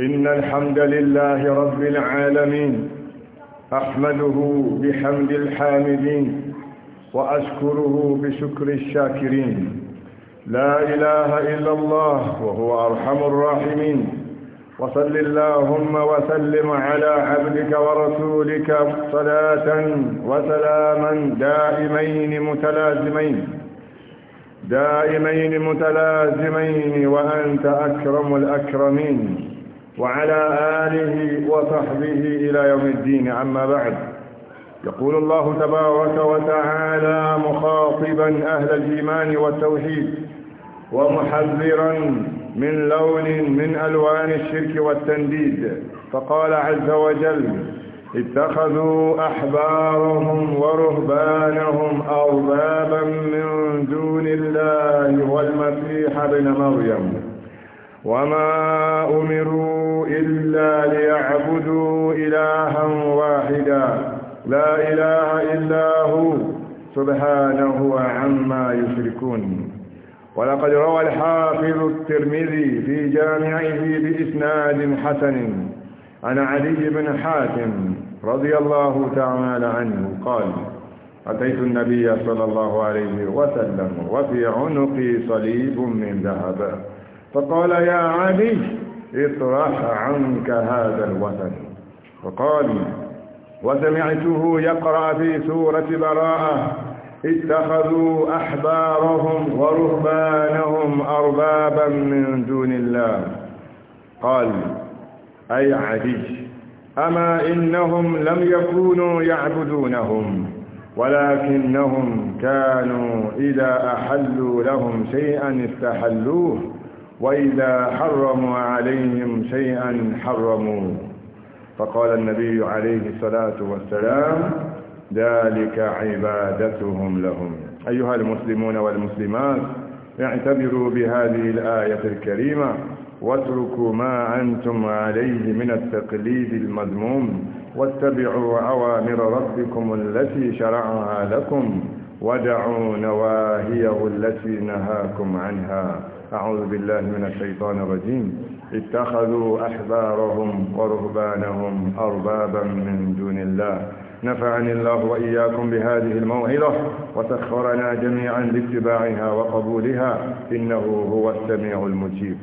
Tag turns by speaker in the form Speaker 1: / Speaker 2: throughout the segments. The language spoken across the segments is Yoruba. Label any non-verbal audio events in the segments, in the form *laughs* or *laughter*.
Speaker 1: إن الحمد لله رب العالمين أحمده بحمد الحامدين وأشكره بشكر الشاكرين لا إله إلا الله وهو أرحم الراحمين وصل اللهم وسلم على عبدك ورسولك صلاة وسلاما دائمين متلازمين دائمين متلازمين وأنت أكرم الأكرمين وعلى آله وصحبه إلى يوم الدين أما بعد يقول الله تبارك وتعالى مخاطبا أهل الإيمان والتوحيد ومحذرا من لون من ألوان الشرك والتنديد فقال عز وجل اتخذوا أحبارهم ورهبانهم أربابا من دون الله والمسيح بن مريم وما أمروا إلا ليعبدوا إلها واحدا لا إله إلا هو سبحانه عما يشركون ولقد روى الحافظ الترمذي في جامعه بإسناد حسن عن علي بن حاتم رضي الله تعالى عنه قال أتيت النبي صلى الله عليه وسلم وفي عنقي صليب من ذهب فقال يا علي اطرح عنك هذا الوثن فقال وسمعته يقرأ في سورة براءة اتخذوا أحبارهم ورهبانهم أربابا من دون الله قال أي عدي أما إنهم لم يكونوا يعبدونهم ولكنهم كانوا إذا أحلوا لهم شيئا استحلوه وإذا حرموا عليهم شيئا حرموا فقال النبي عليه الصلاة والسلام ذلك عبادتهم لهم أيها المسلمون والمسلمات اعتبروا بهذه الآية الكريمة واتركوا ما أنتم عليه من التقليد المذموم واتبعوا أوامر ربكم التي شرعها لكم ودعوا نواهيه التي نهاكم عنها أعوذ بالله من الشيطان الرجيم اتخذوا أحبارهم ورهبانهم أربابا من دون الله نفعني الله وإياكم بهذه الموعظة وسخرنا جميعا لاتباعها وقبولها إنه هو السميع المجيب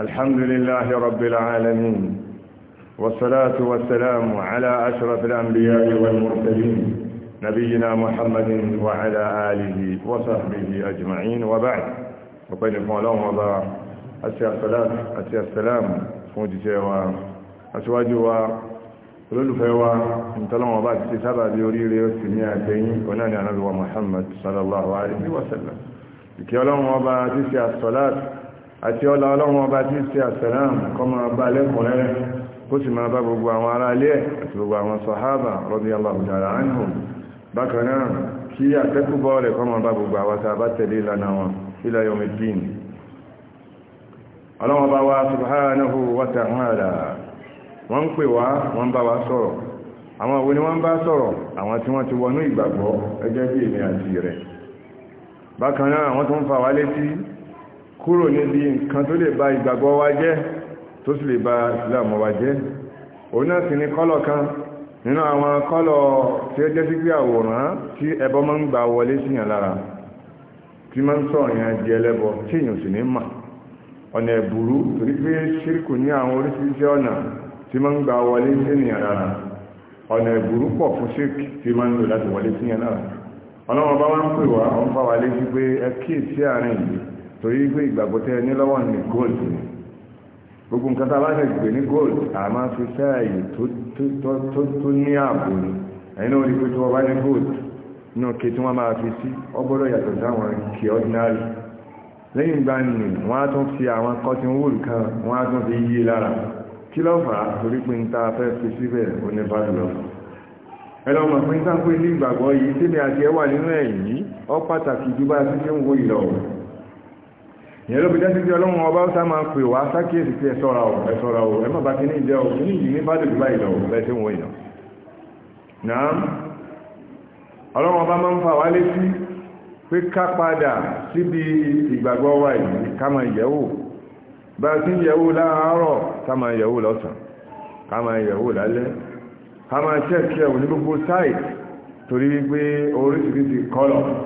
Speaker 1: الحمد لله رب العالمين والصلاة والسلام على أشرف الأنبياء والمرسلين نبينا محمد وعلى آله وصحبه أجمعين وبعد وقال فعلهم وضع أسيا الصلاة أسيا السلام فوجي سيوا أسواجوا olólùfẹ́wà ìtọ́lọ́wọ̀n bá ti sábà bí oríire ó sì ní àtẹ́yìn onáni ànábíwà Muhammad sallallahu alaihi wasallam ìkẹ́ ọlọ́wọ̀n àti ọlá ọlọ́run ọba tí ṣe àsàlám kó máa bá lẹ́kùnrẹ́rẹ́ kó sì máa bá gbogbo àwọn ará ilé àti gbogbo àwọn sàhábà radiyallahu ta'ala anhum bákan náà kí àtẹ́kùbọ́ rẹ̀ kó máa bá gbogbo àwọn tàbá tẹ̀lé ìlànà wọn ila yawmiddin ọlọ́wọ́n bá wa ta'ala wọ́n ń ni wọ́n bá sọ̀rọ̀ àwọn tí wọ́n tún fà wá létí kúrò níbi nǹkan tó lè ba ìgbàgbọ́ wa jẹ́ tó sì lè ba ìsìlámù wa jẹ́ òun náà sì ni kọ́lọ̀ kan nínú àwọn kọ́lọ̀ tí ó jẹ́ sí pé àwòrán tí ẹbọ máa ń gbà wọlé síyàn lára tí máa ń sọ̀rọ̀ yẹn di ẹlẹ́bọ tí èèyàn sì ní mà ọ̀nà ẹ̀bùrú torí pé ṣírkù ní àwọn oríṣiríṣi ọ̀nà tí máa ń gbà wọlé síyàn lára ọ̀nà ẹ̀bùrú pọ̀ fún ṣírkù tí máa ń lò láti wọlé síyàn lára ọlọ́wọ́n bá wá ń pè wá ọ̀n fáwa létí pé ẹ kíyèsí àárín yìí torí pé ìgbàgbọ́ tẹ́ ní lọ́wọ́ ní gold ni gbogbo nǹkan tá a bá ṣe gbé ní gold a máa fi sáàyè tó ní ààbò ni ẹ̀yin náà rí pé tí wọ́n bá ní gold náà ké tí wọ́n máa fi sí ọgbọ́dọ̀ yàtọ̀ sáwọn kí ordinary lẹ́yìn ìgbà nì wọ́n á tún fi àwọn cotton wool kan wọ́n á tún fi yí lára kí ló fà á torí pé níta fẹ́ fi síbẹ̀ ó ní bá lọ ẹlọ́mọ̀ pé níta pé ní ìgbàgbọ́ yìí síbi àti ẹwà nínú ẹ̀yìn ó pàtàkì ju bá a ti ṣe ń ìyẹn ló fi ọlọ́run ọba ó sá máa pè wá sákèsì pé ẹ̀ṣọ́ra ò ẹ bá kíní ìjẹ́ ò kíní ìjì ní bádùn bí báyìí ọba máa ń fa pé ká padà síbi ìgbàgbọ́ wa yìí ká máa yẹ̀wò bá a ti ń yẹ̀wò láàárọ̀ ká máa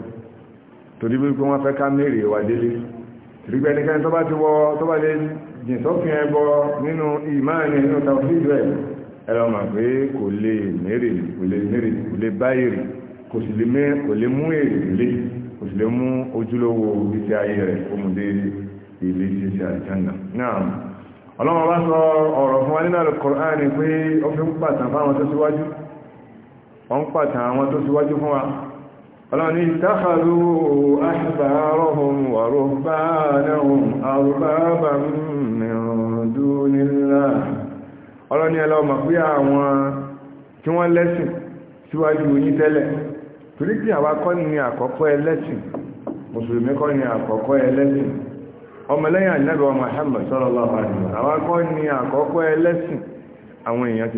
Speaker 1: torí wípé wọ́n fẹ́ ká mẹ́rẹ̀ wà délé rígbẹ́ nìkan tó bá ti wọ́ tó bá lè jìn sọ́fin ẹbọ nínú ìmáàni nínú tàfíìlú ẹ̀ ẹ̀rọ mà pé kò lè mẹ́rẹ̀ kò lè mẹ́rẹ̀ kò lè bá èrè kò sì lè mẹ́ kò lè mú èrè lè Al-Kùránì pé ó fi ń pàtàn fáwọn tó síwájú ó ń pàtàn àwọn tó ọlọ́run ní ìtàkàlù a wa ruhbanahum arbaban min dunillah ọlọ́run pé àwọn tí wọ́n lẹ́sìn síwájú yín tẹ́lẹ̀ torí pé kọ́ ni àkọ́kọ́ ẹlẹ́sìn mùsùlùmí kọ́ ni àkọ́kọ́ ẹlẹ́sìn ọmọlẹ́yìn ànábì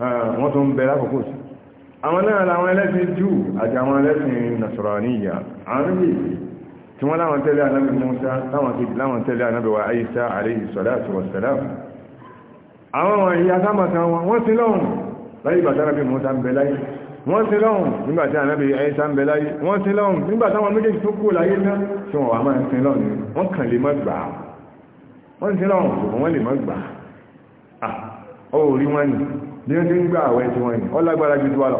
Speaker 1: wọ́n tún bẹ lákòókò sí àwọn náà làwọn ẹlẹ́sìn jù àti àwọn ẹlẹ́sìn nasaraniya àwọn méjèèjì tí wọ́n láwọn tẹ́lẹ̀ anábì Musa láwọn kejì láwọn tẹ́lẹ̀ anábì wa Isa alayhi salatu wassalam àwọn àwọn ìyá sábàkan wọn wọ́n ti lọ́hùn láyé bàtà anábì Musa ń bẹ láyé wọ́n ti lọ́hùn nígbàtí anábì Isa ń bẹ láyé wọ́n ti lọ́hùn tó wọ́n lè má gbà wọ́n ó rí wọ́n yìí ní ó ti ń gbà àwẹ̀ tí wọ́n yìí ọlágbára ju tiwa lọ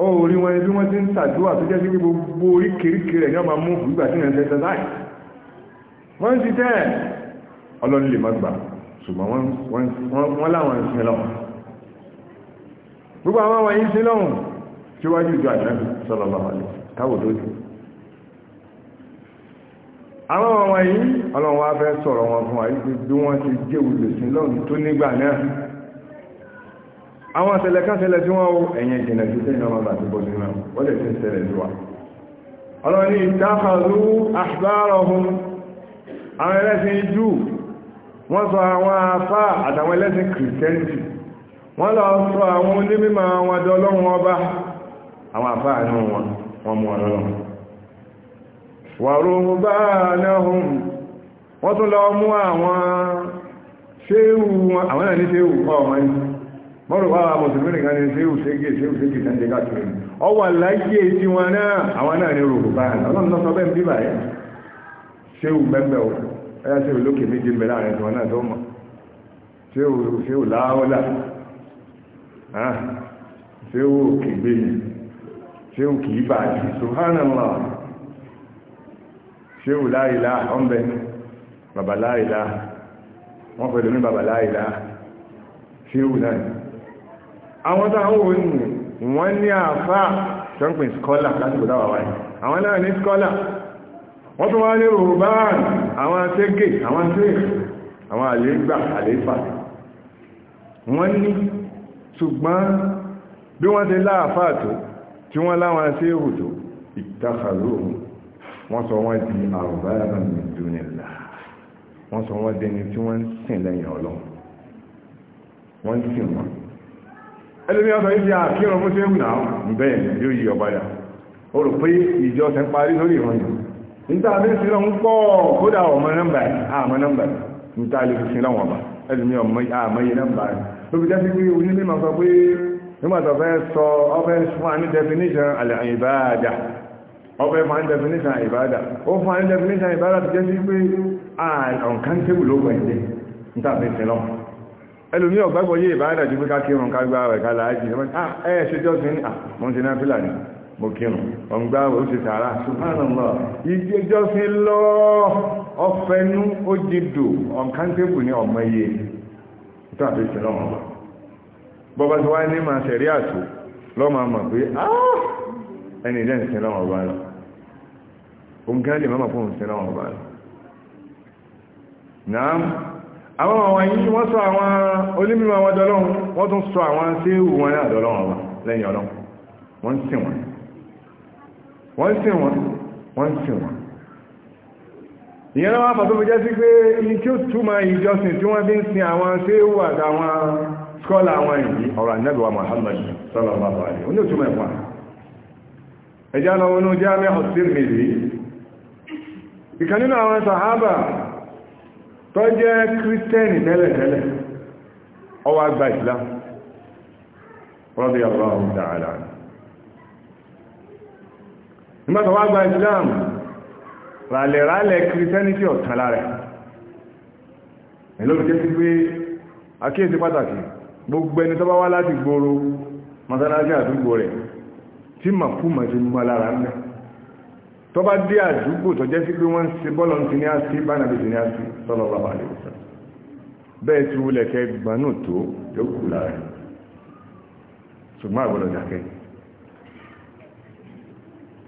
Speaker 1: ó rí wọn bí wọ́n ti ń ṣàdúrà tó jẹ́ sí gbogbo oríkèéríkè rẹ̀ ní ọmọ mú ìgbà tí wọ́n ń tẹ́tẹ́ láì wọ́n ti tẹ́ ọlọ́run lè má gbà ṣùgbọ́n wọ́n láwọn ń sin lọ́wọ́ gbogbo àwọn wọ̀nyí sí lọ́wọ́ tí wá jù jù àjẹ́bì sallallahu alaihi káwò tó jù àwọn wọ̀nyí ọlọ́run wá fẹ́ sọ̀rọ̀ wọn fún àyíkú bí àwọn àṣẹlẹ̀ káṣẹlẹ̀ tí wọ́n ó ẹ̀yìn ìjìnlẹ̀ tí tẹ́yìn ọmọ bàtí bó sí náà wọ́n lè tí ń ṣẹlẹ̀ sí wa ọlọ́ni ìtàkàrú àṣbárọ̀hun àwọn ẹlẹ́sìn jù wọ́n sọ àwọn afá àtàwọn ẹlẹ́sìn kìrìtẹ́ntì wọ́n lọ sọ àwọn onímọ̀ àwọn adọ́lọ́run ọba mọ́rọ̀ wá mùsùlùmí nìkan ni ṣe òṣèké ṣe òṣèké tẹ́jẹ káàkiri ọ wà láyé tí wọn náà àwọn náà ní rògbò báyìí ọlọ́run lọ́sọ bẹ́ẹ̀ bí báyìí ṣe ò mẹ́mẹ́ o ẹ̀yà ṣe ò lókè méje mẹ́lá rẹ̀ tí wọn náà tó mọ̀ ṣe ò ṣe ò láọ́lá ṣe ò òkè gbé ni ṣe ò kì í bà jù subhanallah ṣe ò láìlá ọ̀nbẹ bàbá láìlá wọ́n pẹ̀lú ní bàbá láìlá ṣe ò náà àwọn táwọn òun wọ́n ní àfá ṣọ́npin skọ́là láti gbọ́dá wà wáyé àwọn náà ní skọ́là wọ́n tún wá ní rùbáàn àwọn atẹ́gẹ̀ àwọn atẹ́gẹ̀ àwọn àlégbà àléfà wọ́n ní ṣùgbọ́n bí wọ́n ti láàfá tó tí wọ́n láwọn aṣẹ́hù tó ìtàkàlù wọ́n sọ wọ́n di àrùbáàn min dunillah wọ́n sọ wọ́n dẹni tí wọ́n ń wọn ẹlẹ́ni ọ̀sán ìdí àkírọ̀ fún ṣe ń nà án bẹ́ẹ̀ yóò yí ọ̀padà ó rò pé ìjọ ṣe ń parí lórí ìwọ̀n yìí níta bí sí lọ́n pọ̀ kódà ọmọ nọ́mbà àmọ́ nọ́mbà níta lè fi sin láwọn ọba ẹlẹ́ni àmọ́yé nọ́mbà ló fi jásí pé onílé máa sọ pé nígbà tó fẹ́ sọ ọfẹ́ fún àní definition àlẹ́ ìbáàdà ọfẹ́ fún àní definition ìbáàdà ó fún àní definition ìbáàdà ti jásí pé uncountable ló pẹ̀lú níta bí sí lọ́wọ́ ẹlòmí ọ̀gbàgbọ́ yé ìbáradà ju pé ká kírun ká gba rẹ̀ ká láàájì ẹ ah, ẹ ṣe jọ́sìn ní àwọn ah, ti náà fìlà ní mo kírun ọ̀gbà ó ti tààrà subhanallah ìjẹ jọ́sìn lọ ọfẹnú ó dìdò ọ̀kántébù ní ọmọ iye tó àti ìsìn náà wọn bọ́bá tí wáá ní máa ṣẹ̀rí àtò lọ́mọ àmọ̀ pé ah! ẹni ìjẹ́ ìsìn náà bá lọ òun kí wọ́n lè má àwọn àwọn yìí wọ́n sọ àwọn onímọ̀ wọn dọ́lọ́run wọ́n tún sọ àwọn tí ó wọn náà dọ́lọ́run wọn lẹ́yìn ọlọ́run wọ́n sìn wọn wọ́n sìn wọn wọ́n sìn wọn ìyẹn lọ́wọ́ àpàtó fi jẹ́ sí pé ní tí ó túmọ̀ ìjọsìn tí wọ́n fi ń sin àwọn tí ó àtàwọn skọ́là àwọn yìí ọ̀rọ̀ ànẹ́bẹ̀wà Muhammad sallallahu alaihi oní òtúmọ̀ ẹ̀fà ẹjá lọ wọnú jẹ́ àmì ọ̀sìn mìírí ìkan nínú tó jẹ́ kírísítẹ́nì tẹ́lẹ̀tẹ́lẹ̀ ó islam ọ bụ nígbà tó wá gba islam ràlẹ̀ràlẹ̀ kírísítẹ́nìtì ọ̀tàn pàtàkì gbogbo ẹni wá láti tí màkúmà ti mú tó bá dé àdúgbò tó jẹ́ sí pé wọ́n ń ṣe bọ́ọ̀lù ti ní àṣí bánàbí ti ní àṣí sọ́lọ́ ọ̀rọ̀ àbálẹ̀ ìwòsàn bẹ́ẹ̀ tí wúlẹ̀ kẹ́ gbanú tó yóò kù lára ṣùgbọ́n àgbọ̀dọ̀ dákẹ́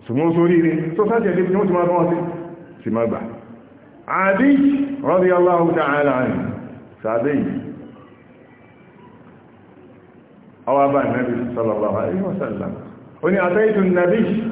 Speaker 1: ṣùgbọ́n sórí rẹ̀ tó sáà jẹ́ bí wọ́n ti máa bọ́ sí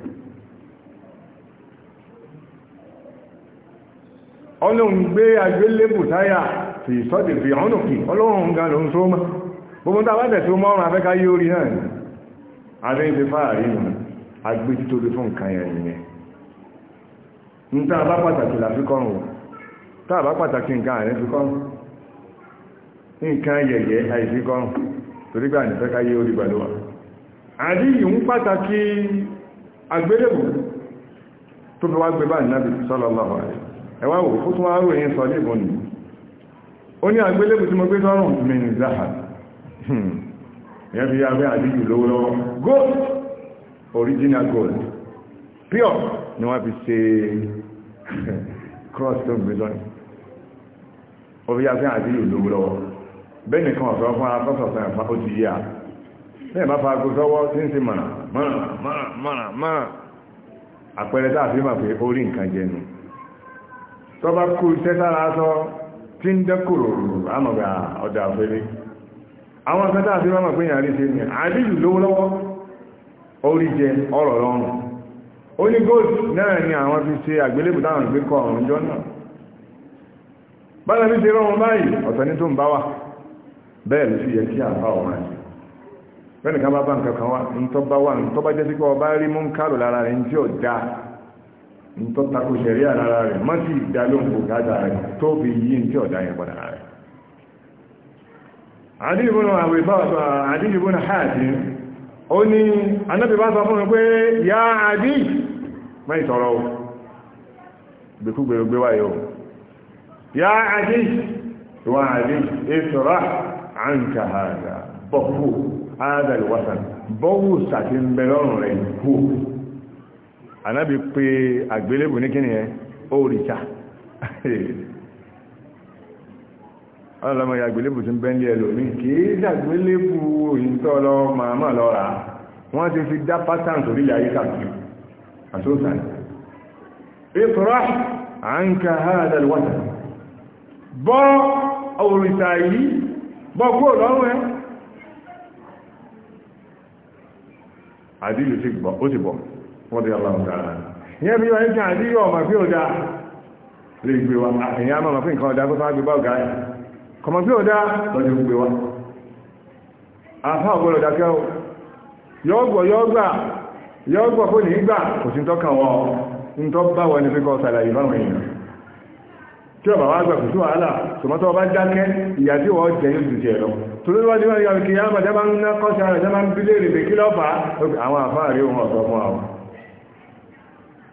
Speaker 1: ọlọ́run gbé agbélébù táyà fi sọ́dẹ̀ fi ọ̀nà kì ọlọ́run ga lòun tó mọ́ gbogbo tàbá tẹ̀ tó mọ́rún afẹ́ká yóò rí náà adé ibi fáàrí nù agbé títóbi fún nǹkan yẹn yẹn ń tá a bá pàtàkì làfikọ́rùn tá a bá pàtàkì nǹkan àrẹ fikọ́rùn nǹkan yẹ̀yẹ́ àìfikọ́rùn torí gbà ní fẹ́ká yóò rí gbàlúwà àdí yìí ń pàtàkì agbélébù tó fi wá gbé báyìí náà bí sọ́lọ́lọ́wọ́ rẹ̀ ẹwà wò ó tún wá ròyìn sọ lébùn ni ó ní tí mo gbé sọ́rùn mi ní zaha hmm. ìyẹn abẹ́ àdíjù gold original gold pure ni wọ́n fi ṣe *laughs* cross tó gbé lọ́nà ó abẹ́ àdíjù lówó bẹ́ẹ̀ nìkan ọ̀sọ́ fún afọ́sọ̀sọ̀ ẹ̀fà ó ti yíya bẹ́ẹ̀ bá fa sọ́wọ́ tí ń ṣe mọ̀nà mọ̀nà mọ̀nà mọ̀nà àpẹẹrẹ a fi mọ̀ pé ó rí tọ́ba kú iṣẹ́ sára aṣọ tí ń dẹ́kòrò àmọ̀gà ọjà àfẹ́lẹ́ àwọn akẹ́tà àti mọ́mọ̀ pé yàrí ṣe ní àdíjù lówó lọ́wọ́ orí jẹ ọ̀rọ̀ lọ́rùn ó ní gold náà ni àwọn fi ṣe àgbélébù táwọn ìgbé kọ ọ̀rùn jọ náà bára bí ṣe rọrùn báyìí ọ̀tọ̀ ní tó ń bá wà bẹ́ẹ̀ ló sì yẹ kí àbá ọ̀rọ̀ àti bẹ́ẹ̀ nìkan bá bá nǹkan kan wá ń tọ́ bá wà ń tọ́ bá jẹ́ ntọ́tako ṣẹ̀rí àlára rẹ̀ má sì dá ló ń kò gáàdà rẹ̀ tó fi yí ní tí ọ̀dá yẹn padà rẹ̀ ó ní ya àdí ya àdí wa àdí àǹkà rẹ̀ kú anábi pé àgbélébù ní kíni ẹ òrìṣà ọlọ́mọ ya àgbélébù tí ń bẹ́ńlẹ̀ ẹlòmí kìí sí àgbélébù òyìntọ́ lọ màmá lọ́ra wọ́n ti fi dá pátán torí ilẹ̀ ayé kàkiri àtúnṣàn ìfọ́rọ̀ à ń ka hádà lọ́wọ́ta bọ́ òrìṣà yìí bọ́ kúrò lọ́rùn ẹ àdílù sí bọ̀ wọ́n ti ọlọ́run dára ìyẹn bí wọ́n ń kàn àdí ọmọ bí ó dáa lè gbé wa àyìn àmọ́ ọmọ fún nǹkan ọ̀dà kó sáà gbé bá ọ̀gá yẹn kọmọ bí ó dáa lọ́jọ́ gbé wa àfá ọ̀gbọ́dọ̀ dákẹ́ o yọ́gbọ̀ yọ́gbà yọ́gbọ̀ kó ní gbà kò sí tọ́kàn wọn ń tọ́ bá wọn ní pé kọ́ sàlàyé báwọn èèyàn tí ọba wá gbà kò sí wàhálà tòmọ́tọ́ ọba dákẹ́ ìyà tí wọ́n jẹ yóò jẹ lọ torí wọ́n ti wọ́n yọ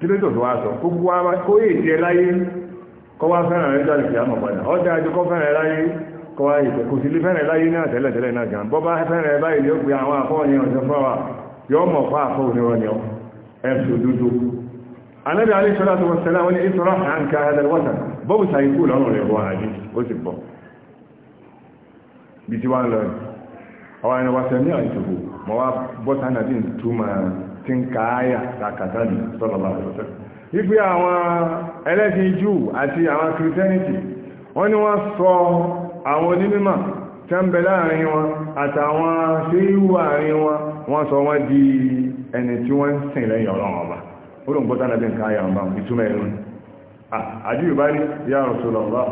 Speaker 1: kílódò tó wá sọ gbogbo wa kó èdè láyé kọ́ wá fẹ́ràn rẹ̀ jáde kìí àmọ̀ padà ọjà àjọ kọ́ fẹ́ràn láyé kọ́ wá ìfẹ́ kò sí lè fẹ́ràn láyé náà tẹ́lẹ̀ tẹ́lẹ̀ náà gan bọ́ bá fẹ́ràn báyìí yóò pe àwọn afọ́ ní ọ̀sẹ̀ fún wa yóò mọ̀ fún afọ́ onírọ̀ ni ọ ẹ̀sùn dúdú anábì alẹ́ sọ́lá tó wọ́n sẹ́lá wọn ní ìtura àǹkà tí ń ka áyà kàkàtà ní sọ́lọ̀lá ọ̀sẹ̀ wípé àwọn ẹlẹ́sìn jù àti àwọn kìrìtẹ́nìtì wọ́n ní wọ́n sọ àwọn onímọ̀ tẹ́m̀bẹ̀ láàrin wọn àtàwọn ṣéríwú àárín wọn wọ́n sọ wọ́n di ẹni tí wọ́n ń sìn lẹ́yìn ọlọ́run ọba ó lóun gbọ́tà nàbí nǹkan ayà ọba ìtumọ̀ ẹ̀rù àdíyù bá ní yà Rasulullah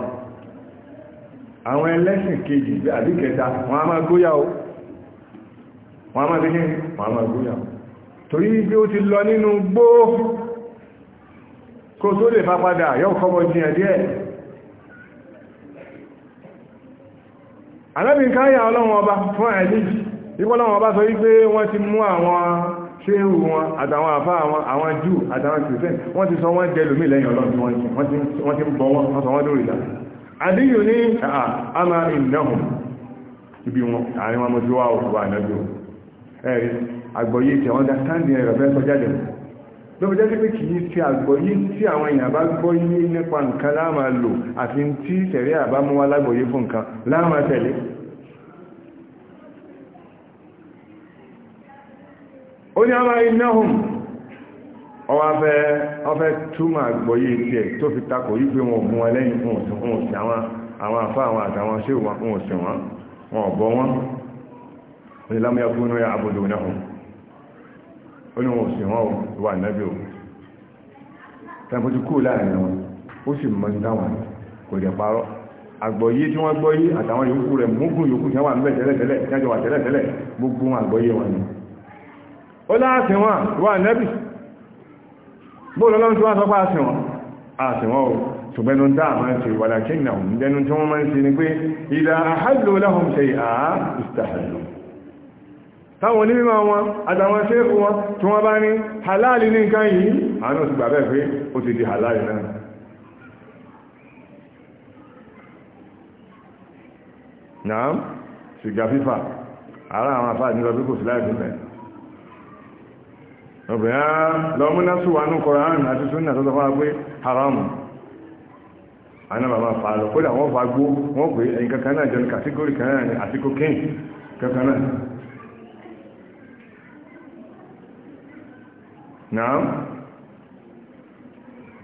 Speaker 1: àwọn ẹlẹ́sìn kejì àbí kẹta wọn a máa gbóyà ó wọn a máa gbóyà ó torí bí ó ti lọ nínú gbó kó tó lè fápadà yóò kọ́bọ̀ jìyàn díẹ̀ alábìnkáyà ọlọ́run ọba fún àìlíjì ìwọ́lọ́wọ́ bá sọ wípé wọ́n ti mú àwọn ṣéhù wọn àtàwọn àfá àwọn jù àtàwọn kìrìsẹ́n wọ́n ti sọ wọ́n jẹ́ lómi lẹ́yìn ọlọ́run wọ́n ti ń bọ́ wọ́n sọ wọ́n lórí ẹ̀rí àgbọ̀yé tí àwọn dáńdì rẹ̀ bẹ́ẹ̀ sọ lọ́pọ̀ jáde pé kìí ti àgbọ̀yé tí àwọn èèyàn bá gbọ́ yé nípa nǹkan láàmà lò àti tí tẹ̀rí àbámúwá lágbọ̀yé fún nǹkan láàmà tẹ̀lé ó ní àwọn ináhùn ọwá fẹ́ ọfẹ́ túmọ̀ àgbọ̀yé tiẹ̀ tó fi takò yí pé wọn mú wọn lẹ́yìn fún òsì àwọn àfá àwọn àtàwọn ṣé wọn wọn ní lámúyà fún ní àbòdò náà ó ní wọn ò sí wọn wà náàbí o tàbí ti kú láàrin wọn ó sì mọ́ ní táwọn kò jẹ parọ́ àgbọ̀yé tí wọ́n gbọ́yé àtàwọn yòókù rẹ̀ mógún ṣùgbẹ́nu tá máa ń ṣe wàlàkí náà ń dẹnu tí wọ́n máa ń ṣe ni pé ìdá àhàlò láhùn ṣe àá ìstàhàlò táwọn onímọ̀ wọn àtàwọn ṣéèkù wọn tí wọ́n bá ní halali ní nǹkan yìí àánú ti gbà bẹ́ẹ̀ pé ó ti di halali náà náà sìgá fífà ara àwọn afá ní ọdún kò sí láì fún mẹ́ ọ̀bìnrin á lọ múná súwà ní Kọ̀rán àti súnà tó tọ́fà pé haramu anábàmá fa lọ kódà wọ́n fa gbó wọ́n pé ẹ̀yìn kankan náà jẹ́ ní kan náà ní àtíkò kéyìn kankan náà náà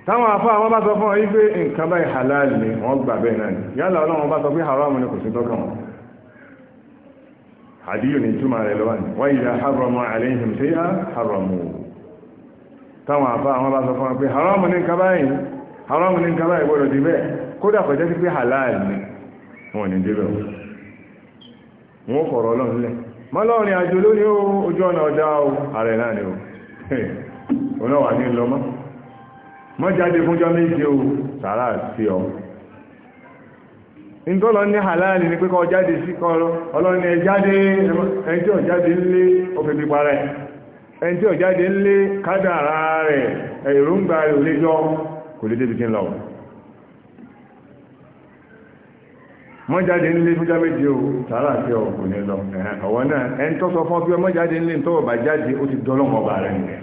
Speaker 1: táwọn afá àwọn bá sọ fún ọ wípé nǹkan báyìí halal ni wọ́n gbà bẹ́ẹ̀ náà ni yálà ọlọ́run bá sọ pé haram ni kò sí tọ́kàn wọn àdíyò ní túnmà rẹ̀ lọ́wọ́ ni wọ́n haramu aléhìn tí haram haramu táwọn àfá àwọn bá sọ fún pé haramu ní halal ni *laughs* onáwà ní lọ́mọ́ mọ́ jáde fúnjọ́ méje o sàárà sí ọ ìtọ́lọ ní halali ní pẹ́kọ́ jáde sí kọrọ ọlọ́ni ẹjáde ẹjí ọ̀jáde ńlé òfèbí parẹ́ ẹjí ọ̀jáde ńlé kádàrá rẹ̀ èròǹgbà rẹ̀ ò lè jọ kò lè débi kí ń lọ mọ́jáde nílé fún jáméjì o tààrà tí ọ kò ní lọ ọ̀wọ́ náà ẹni tó sọ fún ọbí ọmọ jáde nílé tó ọba jáde ó ti dọ́lọ́mọba rẹ̀ nìyẹn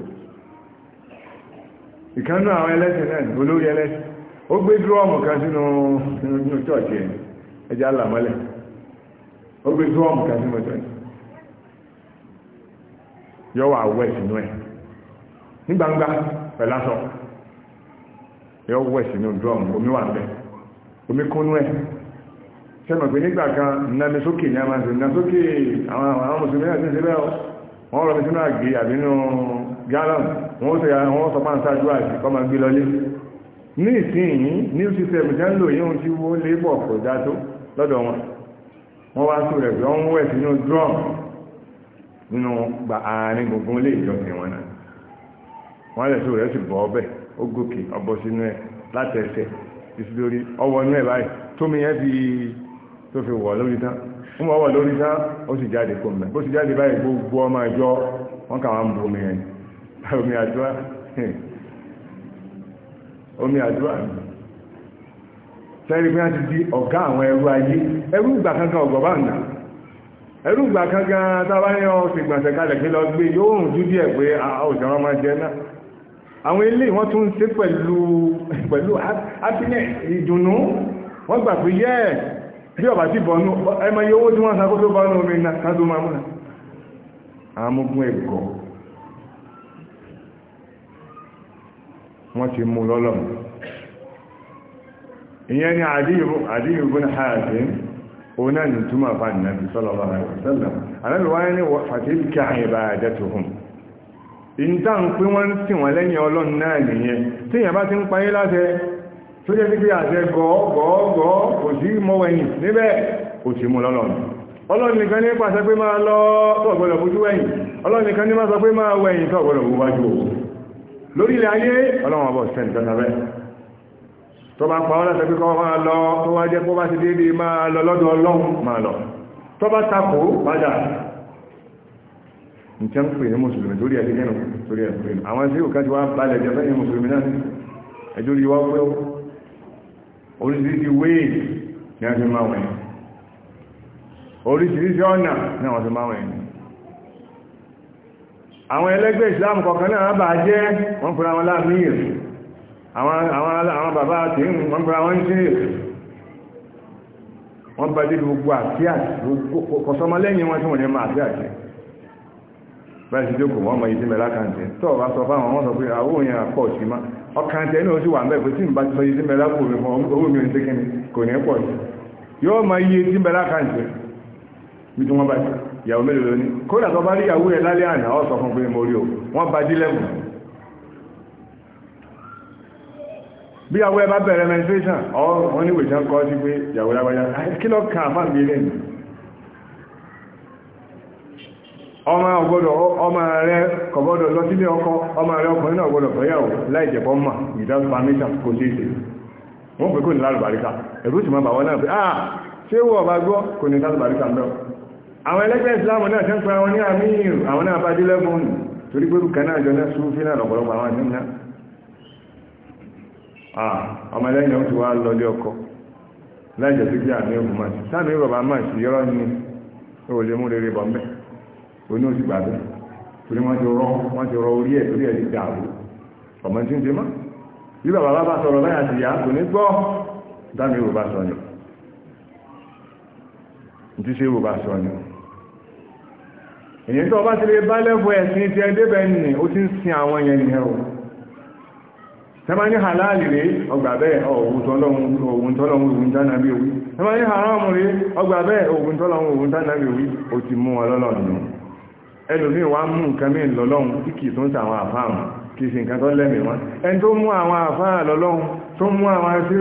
Speaker 1: ìkánú àwọn ẹlẹ́sìn náà olórí ẹlẹ́sìn ó gbé dúrọ́ọ̀mù kan sínú inú ẹjá làmọ́lẹ̀ ó gbé dúrọ́ọ̀mù kan sínú chọ́ọ̀tì yọ́wọ́ àwọ̀ ẹ̀ ní gbangba pẹ̀lásọ̀ yọ́wọ́ ẹ̀sìnú dúrọ́ọ̀mù omi wà bẹ́ omi kúnú ẹ̀ sẹ́mọ̀ pé nígbà kan nnami sókè ní a máa ń sọ nnami sókè àwọn mùsùlùmí náà ti ń gallon wọ́n sọ wọ́n sọ pá ń sáájú àti kọ́ máa gbé lọlé ní ìsìn ní system jẹ́ ń lò yíò tí wó lébọ̀ kò já tó lọ́dọ̀ wọn wọ́n wá tó rẹ̀ pé wọ́n wẹ̀ sínú drum nínú gba àárín gbogbo ilé ìjọsìn wọn náà wọ́n lẹ̀ tó rẹ̀ sì bọ́ ọbẹ̀ ó gòkè ọbọ̀ sínú ẹ̀ látẹ̀ẹ̀sẹ̀ títí lórí ọwọ́ inú ẹ̀ báyìí tómi yẹn fi tó fi wọ̀ lórí tán ń wọ́wọ́ lórí tán ó sì jáde kó mẹ́ bó sì jáde báyìí gbogbo ọmọ ìjọ wọn kà wọ́n bu yẹn *laughs* omi àdúrà omi àdúrà sẹ́rí pé wọ́n ti di ọ̀gá àwọn ẹrú ayé ẹrú ìgbà kankan ọ̀gọ̀ bá nà ẹrú ìgbà kankan tábá ní ọ̀sẹ̀ ìgbàsẹ̀ kalẹ̀ pé lọ gbé yóò rùn jú díẹ̀ pé òṣèrán máa jẹ náà àwọn ilé wọ́n tún ṣe pẹ̀lú pẹ̀lú happiness ìdùnnú wọ́n gbà pé yẹ́ bí ọ̀bà tí bọ̀nú ẹmọ iye owó tí wọ́n sakó tó bọ́nú omi náà ká máa múra àwọn ẹ̀gọ́ wọ́n ti mú lọ́lọ́ ìyẹn ni àdíyù bú ní hàájí ó náà ní túnmà bá nàbí sallallahu alaihi wasallam alábìwáyé ní fàtílkà ibadatuhum ìta ń pín wọ́n sí wọn lẹ́yìn ọlọ́run náà nìyẹn tí ìyàn bá ti ń payé láṣẹ tó jẹ́ pípé àṣẹ gọ́ọ̀gọ́ọ̀gọ́ kò sí mọ́wẹ̀yìn níbẹ̀ kò sí mú lọ́lọ́run ọlọ́run nìkan ní pàṣẹ pé máa lọ tọ̀gbọ́dọ̀ bójú wẹ̀yìn ọlọ́run nìkan ní máa sọ pé máa wẹ̀yìn tọ̀gbọ́dọ̀ bójú lórí ilẹ̀ ayé ọlọ́run ọbọ̀ ṣẹ́ ìtọ́nà rẹ̀ tó bá pa ọlọ́sẹ̀ pípọ́ máa lọ tó wá jẹ́ kó bá ti dédé máa lọ lọ́dọ̀ ọlọ́run máa lọ tó bá takò padà ní tẹ́ ń pè ní mùsùlùmí lórí ẹ̀ nínú lórí ẹ̀ pè ní àwọn tí òkà ti wá balẹ̀ jẹ́ fẹ́ ní mùsùlùmí náà ẹjọ́ rí wá pé oríṣiríṣi wéè àwọn ẹlẹ́gbẹ́ islam kọ̀ọ̀kan náà bà jẹ́ wọ́n fúnra wọn láàmìr àwọn bàbá tí wọ́n fúnra wọn ṣe wọ́n bá dé gbogbo àfíà kọ̀sọ́mọlẹ́yìn wọn tí wọ́n ní máa àfíà jẹ́ sí jókòó wọ́n mọ̀ ìdí mẹ́lá kàǹtẹ̀ tó ọ̀bá sọ fáwọn wọ́n sọ bí tí wọ́n bá jẹ́ ìyàwó mélòó lóní kódà tó bá rí ìyàwó ẹ̀ lálẹ́ àná ó sọ fún pé mo rí o wọ́n bá dí lẹ́mù bí ìyàwó ẹ bá bẹ̀rẹ̀ menstruation ọ wọ́n ní wèjá ń kọ́ sí pé ìyàwó lágbájá kí lọ kà fà bí ilé nì ọmọ ọgbọ́dọ̀ ọmọ rẹ kọ̀gbọ́dọ̀ lọ sílé ọkọ ọmọ rẹ ọkùnrin náà gbọ́dọ̀ fẹ́yàwó láì jẹ̀bọ́ mà without permission kò sí ìṣe wọ́n pè kò ní lálùbáríkà ẹ̀rú sì máa bà náà pé ah ṣé wọ́n ọba gbọ́ kò ní lálùbáríkà mẹ́wàá àwọn ẹlẹ́gbẹ́ ìsìláàmù náà tẹ́ ń pẹ́ àwọn ní àmìyàn àwọn náà bá dé lẹ́gbọ́n torí pé rúkà náà jọ náà súnfí náà lọ̀pọ̀lọpọ̀ àwọn àti náà ọmọ ẹlẹ́yìn ó ti wá lọlé ọkọ láìjẹ́ sí pé àmì ogun máa ti sáàmì bàbá máa ti yọ́rọ́ ní ó lè mú rere bọ̀ mẹ́ oní oṣù gbàgbé torí wọ́n ti rọ wọ́n ti rọ orí ẹ̀ torí ẹ̀ ti ọmọ tí ń sọ ni ti èyí tó bá ti lè bá lẹ́fọ́ ẹ̀sìn ti ẹdẹ́bẹ̀ nì ó ti ń sin àwọn èèyàn ni ẹ̀rọ tẹ́bá ní halali rẹ̀ ọgbà bẹ́ẹ̀ ọ̀hún tọ́lọ́hún ògùn tánà bí wí tẹ́bá ní haram rẹ̀ ọgbà bẹ́ẹ̀ ògùn tọ́lọ́hún ògùn tánà bí wí ó ti mú wọn lọ́lọ́dún ẹlòmíì wá mú nǹkan mí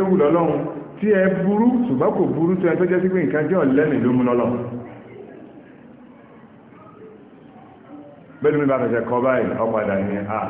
Speaker 1: lọ́lọ́hún tí ẹ burú ṣùgbọ́n kò burú tó ẹ tó jẹ́ sí pé nǹkan jẹ́ ọ̀lẹ́mì ló mú lọ́lọ́hún bẹ́ẹ̀ ni bá fẹsẹ̀ kọ báyìí ọ̀padà ni a ah.